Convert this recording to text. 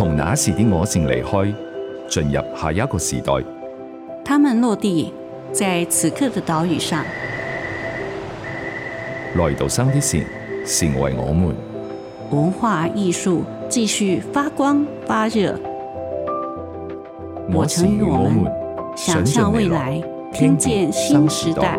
從那時的我城離開，進入下一個時代。他們落地在此刻的島嶼上，來到生的時，成為我們。文化藝術繼續發光發熱。我城與我們，想象未來，聽見新時代。